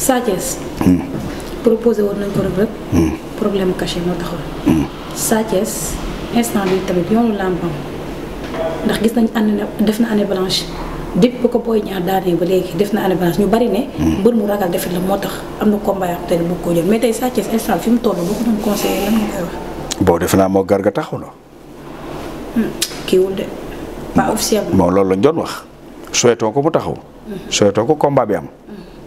Sa Thiès. Hmm. proposé woon nañ ko rek rek. Hmm. problème caché moo taxoon. Hmm. Sa Thiès instant bi tamit yoonu làmbam ndax gis nañ année def na année blanche dip bu ko booy ñaar daanee ba léegi def na année blanche ñu bari ne. mbër mu ragal defit la moo tax am na combat yoo xam ne bëgg koo jël mais tey Sa Thiès instant fi mu toll boo ko doon conseillé lan nga koy wax. boo defe naa moo garga taxaw na. kii wul de pas officiellement. bon loolu lañ doon wax. souhaitons ko bu taxaw. souhaitons ko combat bi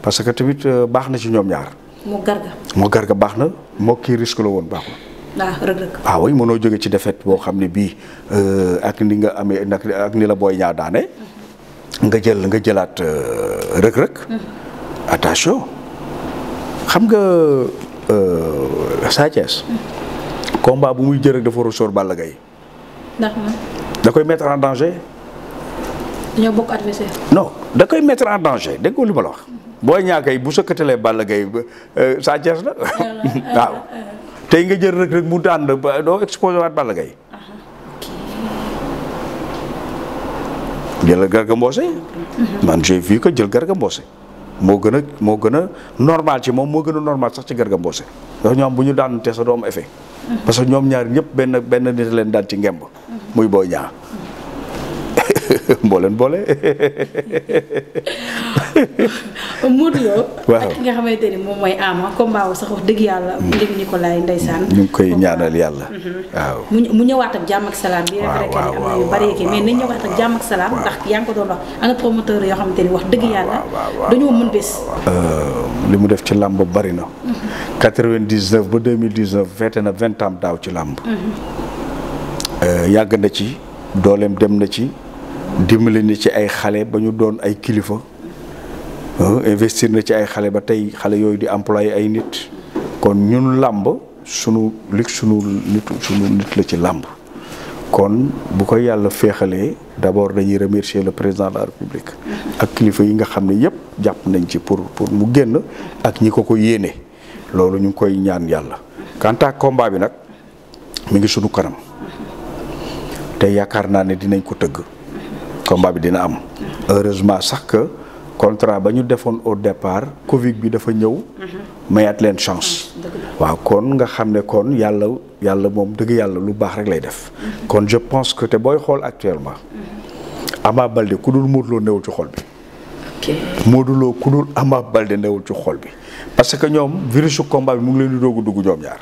parce que tamit euh, baax na ci ñoom ñaar. moo garga moo garga baax na moo kii risque la woon baax na. waaw ah, rëgg rëgg. waaw ah oui mënoo jóge ci défaite boo xam ne bii euh, ak ni nga amee ak ni la booy ñaa daane. nga jël nga jëlaat euh, rëgg rëgg. Mm-hmm. attention xam nga Sa Thiès. Mm-hmm. combat bu muy jërë dafa war a sóor Balla da koy mettre en danger. dañoo bokk adversaire. non da koy mettre en danger dégg nga la wax. Mm-hmm. booy Niang kay bu sëkkatalee Balla Gaye euh, Sa Thiès la waaw tey nga jël rek rek mu daan doo exposé waat Balla Gaye jëlal Garga Mbossé mhm. jël Garga Mbossé moo gën a moo gën a normal ci moom moo gën a normal sax ci Garga Mbossé ndax ñoom bu ñu daan te sa doom effet mhm. parce que ñoom ñaar ñëpp benn benn nit leen daan ci ngemb mhm. muy boo Niang mbooleen boole waaw ak ki moom mooy Ama combat sax wax dëgg yàlla. Luc mm. Nicolaï ndeysaan. ñu ngi koy ñaanal yàlla. Mm-hmm. waaw mu ñëwaat ak jàmm ak salaam. def ci làmb bari na. 99 mm-hmm. ba 2019 feete na 20 ans daaw ci làmb. Mm-hmm. Euh, yàgg na ci dooleem dem na ci dimbali ni ci ay xale ba ñu doon ay kilifa. investir na ci ay xale ba tey xale yooyu di employé ay nit kon ñun làmb sunu lig sunu nit sunu la ci làmb kon bu ko yàlla féexalee d'abord dañuy remercier le président de la république ak kilifa yi nga xam ne yépp jàpp nañ ci pour pour mu génn ak ñi ko ko yéene loolu ñu ngi koy ñaan yàlla quant komba bi nag mi ngi sunu kanam te yaakaar naa ne dinañ ko tëgg combat bi dina am heureusement sax contrat ba ñu defoon au départ Covid bi dafa ñëw. mayaat leen chance. waaw kon nga xam ne kon yàlla yàlla moom dëgg yàlla lu baax rek lay def. kon je pense que te booy xool actuellement. Ama Balde ku dul Modou Lo newul ci xool bi. ku dul ci xol bi parce que ñoom virus su combat bi mu ngi leen di doog a dugg ñoom ñaar.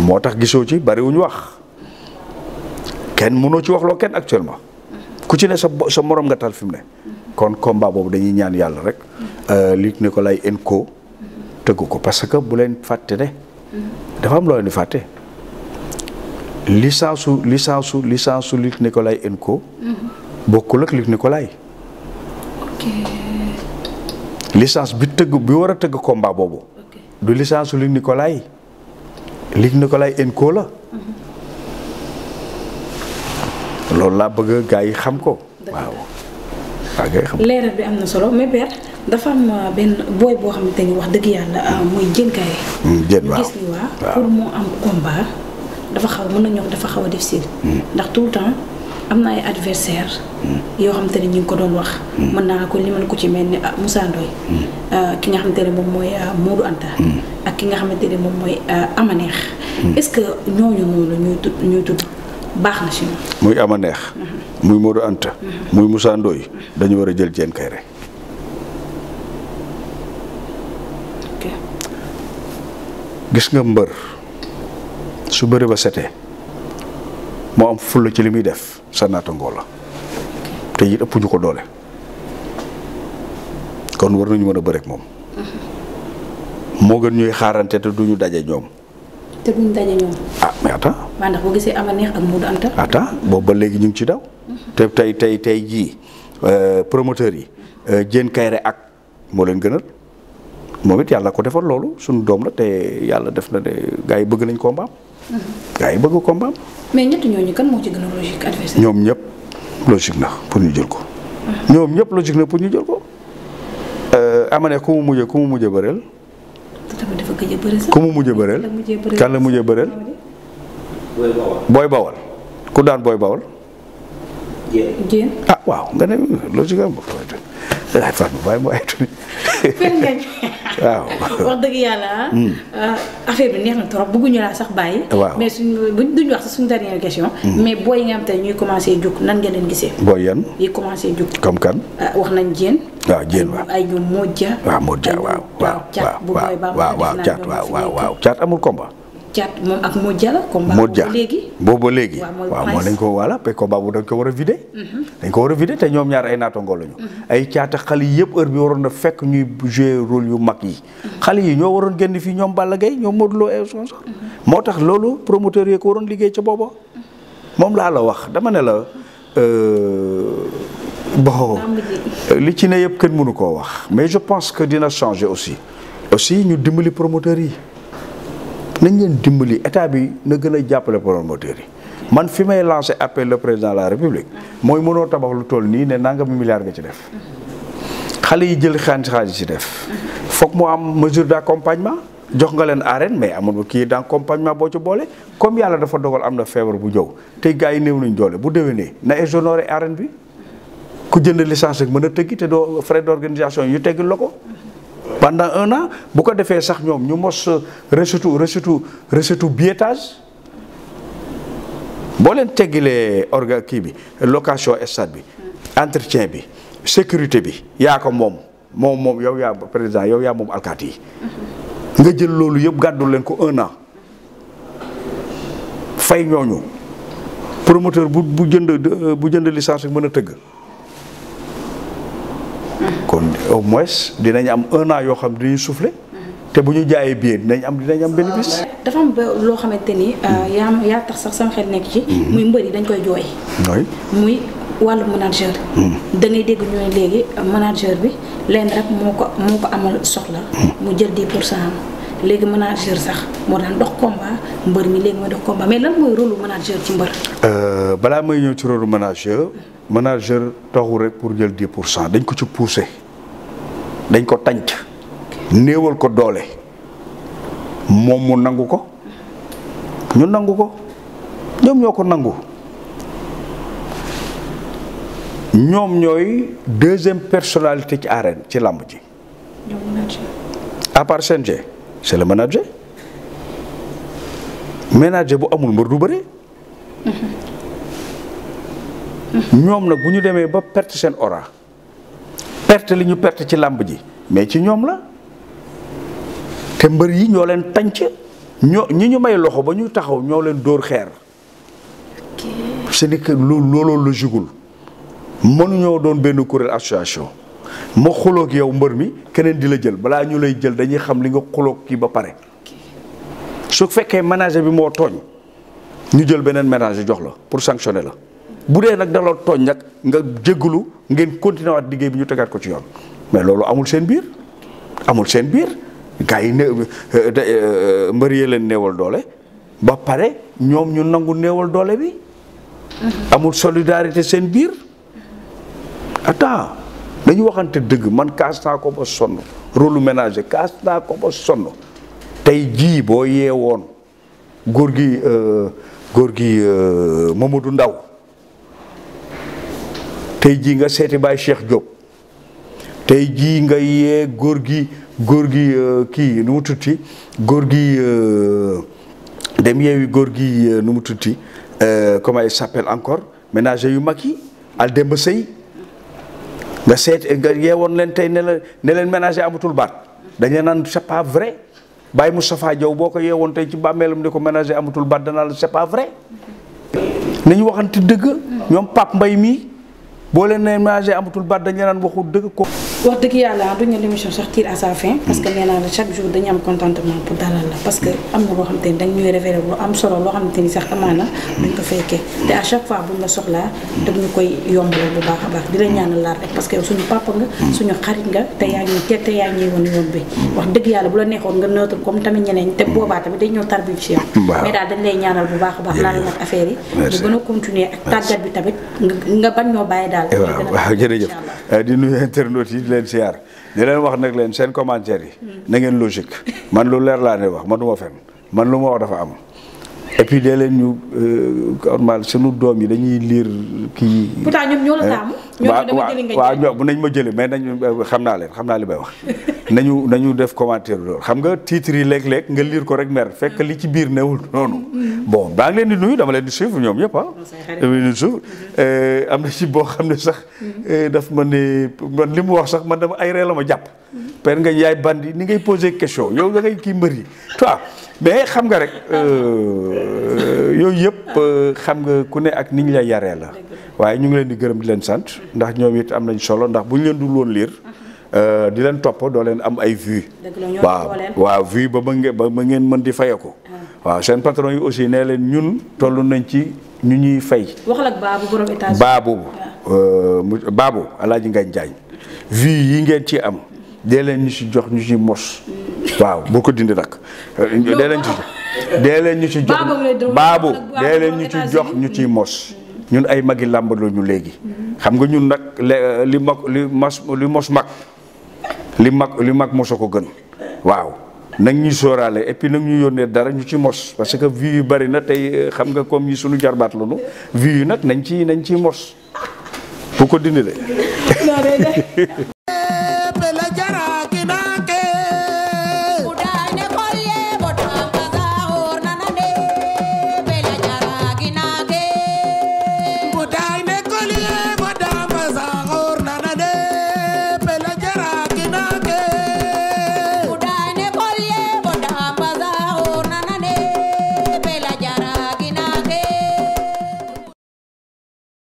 moo tax gisoo ci bariwuñu wax kenn mënoo ci wax loo kenn actuellement ku ci ne sa sa morom nga tal fi ne. kon combat boobu dañuy ñaan yàlla rek. Euh, Luc Nicolaï Enco tëgg ko parce que bu leen fàtte de. dafa am loo leen di fàtte. licence su licence su licence su Luc Nicolaï Enco. bokkul ak Luc Nicolaï. ok. licence bi tëgg bi war a tëgg combat boobu. du licence su Luc Nicolaï. Luc Nicolaï Enco la. Mhm. loolu laa bëgg gaa yi xam ko waaw. waaw ah, ngay xam leeral bi am na solo mais dafa am euh, benn booy boo xam ne ni wax dëgg yàlla mooy jën kaay. jën waaw gis ni pour mu am combat dafa xaw mën nañoo dafa xaw a difficile. Hmm. ndax tout le temps am na ay adversaire hmm. yoo xam ne ñu ngi ko doon wax. Hmm. mën naa ko limal ko ci mel ni euh, Moussa Ndoye euh, ki nga xamante ne moom mooy Modou Anta. ak ki nga xamante ne moom mooy Amaneex. est-ce que ñooñu noonu la ñuy ñuy tudd. baax na si muy ama neex muy Modou Anta muy Moussa Ndoye dañu war a jël Diène Kairé gis nga mbër su bëri ba setee moo am fulla ci li muy def sa naatangoo la te it ëpp ñu ko doole kon war nañu mën a bëreek moom mhm. moo gën ñuy xaarante te duñu daje ñoom te duñ daje ñoom. ah mais boobu ba léegi ñu ngi ci daw. te tey tey tey jii euh, promoteur yi. Euh, Diène kayre ak moo leen gënal moom it yàlla ko defal loolu suñu doom la te yàlla def na ne gars yi bëgg nañ combat. Mm-hmm. gars yi bëgg combat. mais ñett ñooñu kan moo ci gën a logique ñoom ñëpp logique na pour ñu jël ko. Mm-hmm. ñoom ñëpp logique na pour ñu jël euh, neex ku mu mujjee ku mu mujjee bëreel. mujjee bëre sax. ku mu mujjee bëreel. kan la mujjee bëreel. booy bawal ku daan booy bawal. jéen ah waaw nga ne logique am ba fooy laaj dëgg yàlla ah. Hmm. Ah, affaire bi neex na trop bëgguñu laa sax bàyyi. waaw mais suñu buñ duñ wax sax suñu dernière question. Hmm. mais booy yi nga ñuy commencé jóg nan nga leen gisee. booy yan yi commencé jóg. comme kan. Ah, wax nañ jéen. waaw jéen waaw ay ñoom Modja. waaw Modja waaw waaw waaw waaw caat waaw waaw waaw caat amul combat. moom ak Modja boobu ba léegi. waaw moo lañ ko wala pe combat dañ ko war a vidé. Mhm. dañ ko war a te ñoom ñaar ay naatango lañu. Mhm. ay caata xale yi yëpp heure bi waroon na fekk ñuy jouer rôle yu mag yi. Mhm. xale yi ñoo waroon génn fii ñoom Balla Gaye ñoom Modou Lo moo tax loolu promoteur yee ko waroon liggéey ca booba moom laa la wax dama ne la. Euh, bon li ci ne yëpp kenn mënu koo wax mais je pense que dina changer aussi aussi ñu dimbali promoteurs yi nañ leen dimbali état bi na gën a jàppale promoteurs yi man fi may lancer appel le président de la république mooy mënoo tabax lu toll nii ne nangam milliard nga ci def xale yi jël xaalis xaalis ci def foog mu am mesure d'accompagnement jox nga leen arène mais amul kii d'accompagnement boo ci boole comme yàlla dafa dogal am na feebar bu ñëw te gars yi néew nañ doole bu ku jënd licence rek mën a tëggi te doo frais d'organisation ñu teggil la ko pendant un an bu ko defee sax ñoom ñu mos recette recette recette billetage boo leen teggilee orga kii bi location stade bi entretien bi sécurité bi yaa ko moom moom moom yow yaa président yow yaa moom alkaati yi nga jël loolu yëpp gàddu leen ko un an fay ñooñu promoteur bu bu jënd bu jënd licence rek mën a tëgg kon au moins dinañ am un an yoo xam dinañ soufflé. te bu ñu jaayee biir dinañ am dinañ am benn bis. dafa loo xamante ni. Euh, hmm. yaa yaa tax sax sama xel nekk ci. Hmm. muy mbër yi dañ koy jooy. muy wàllu manager. Hmm. da ngay dégg ñu léegi manager bi leen rek moo ko moo ko amal soxla. mu jël 10 pour cent léegi manager sax moo daan dox combat mbër mi léegi mooy dox combat mais lan mooy rôle manager ci mbër. Euh, balaa may ñëw ci rolu manager manager taxul rek pour jël di pour cent dañ ko ci poussé dañ ko tanc néewal ko doole moom mu nangu ko ñu nangu ko ñoom ko nangu. ñoom ñooy deuxième personnalité ci arène ci làmb ci à part c'est le manager manager bu amul mbër du bëre ñoom nag bu ñu demee ba perte seen aura perte li ñu perte ci làmb ji mais ci ñoom la te mbër yi ñoo leen tànc ñoo ñi ñu may loxo ba ñu taxaw ñoo leen dóor xeer c'est que loolu looloo la jugul mënuñoo doon benn kuréel association ma xuloog yow mbër mi keneen di la jël balaa ñu lay jël dañuy xam li nga xuloog kii ba pare su fekkee ménager bi moo tooñ ñu jël beneen ménager jox la pour sanctionner la bu dee nag daloo tooñ nag nga jéggalu ngeen continuer waat bi ñu tegaat ko ci yoon mais loolu amul seen biir amul seen biir gars yi ne euh, euh, euh, mbër yee leen néewal doole ba pare ñoom ñu nangu néewal doole bi mm-hmm. amul solidarité seen biir attends dañu waxante dëgg man kaas naa ko ba sonn rôle ménager kaas naa ko ba sonn tey jii boo yeewoon góor gi euh, góor gi euh, Mamadou Ndaw tey jii nga seeti Baye Cheikh Diop tey jii nga yee góor gi góor gi euh, kii nu mu tutti góor gi dem yeewi góor gi nu mu tutti comment il s'appelle encore ménager yu mag yi al Demba Sey nga seet nga yeewoon leen tey ne la ne leen amatul baat dañ leen naan c'est pas vrai Baye Moustapha Diaw boo ko yeewoon tey ci bàmmeelam ne ko ménager amatul baat danaa la c'est pas vrai nañu waxante dëgg ñoom Pape mbay mii boo leen ne ménager amatul baat dañ leen naan waxu dëgg ko wax dëgg yàlla duñu l' émission sax tire à sa fin. parce la chaque bu a baax di la ñaanal laar rek que suñu papa nga. suñu xarit wax dëgg yàlla bu la neexoon nga neutre comme tamit ñeneen te boobaa tamit dañ ñëw tarbi ci yow. mais daal dañ lay ñaanal bu baax a baax. laal nag affaire yi. gën a continuer ak tàggat bi tamit nga bañ ñoo bàyyi daal. waaw waaw jërëjëf leen siyaar di leen wax nag leen seen commentaire yi hmm. na ngeen logique man lu leer laa ne wax man du ma fen man lu ma wax dafa am et puis dee leen ñu normal sunu doom yi dañuy liir kii. pourtant ñoom ñoo waaw ñoo bu nañ ma jëlee mais nañ euh, xam naa leen xam naa li may wax. nañu nañu def commentaire loolu xam nga titre yi léeg-léeg nga liir ko rek mer fekk li ci biir newul noonu. Mm-hmm. bon baa ngi leen di nuyu dama leen di suivre ñoom yépp ah. dama leen di euh, am na ci boo xam ne sax. Mm-hmm. Euh, daf ma ne man li mu wax sax ma dama ay ree ma jàpp. Mm-hmm. per nga yaay bandi ni ngay posé question yow da ngay kii mbër yi toi mais xam nga rek euh, yooyu yëpp euh, xam nga ku ne ak ni ñu lay yaree la waaye ñu ngi leen di gërëm di leen sant ndax ñoom it am nañ solo ndax bu ñu leen du woon liir euh, di leen topp doo leen am ay vues waaw waaw vue ba ma ngeen ba ngeen mën di faye ko ah. waaw seen patron yi aussi nee leen ñun toll nañ ci ñu ñuy fay waxal ak baabu borom étage baabu ah. baabu alaaji ngañ jaañ yi ngeen ci am dee ñu si jox ñu si mos. waaw boo ko dindi nag. dee leen ci dee ñu ci jox baabu dee ñu ci jox ñu ciy mos. ñun ay magi làmb lañu léegi. xam nga ñun nag euh, li mag li mas mos mag li mag li mag mosoo ko gën. waaw nag ñuy sooraale et puis nag ñu yónnee dara ñu ci mos parce que vues yu bari na tey euh, xam nga comme yi suñu jarbaat lañu vues yi nag nañ ci nañ ciy mos. bu ko dindi de.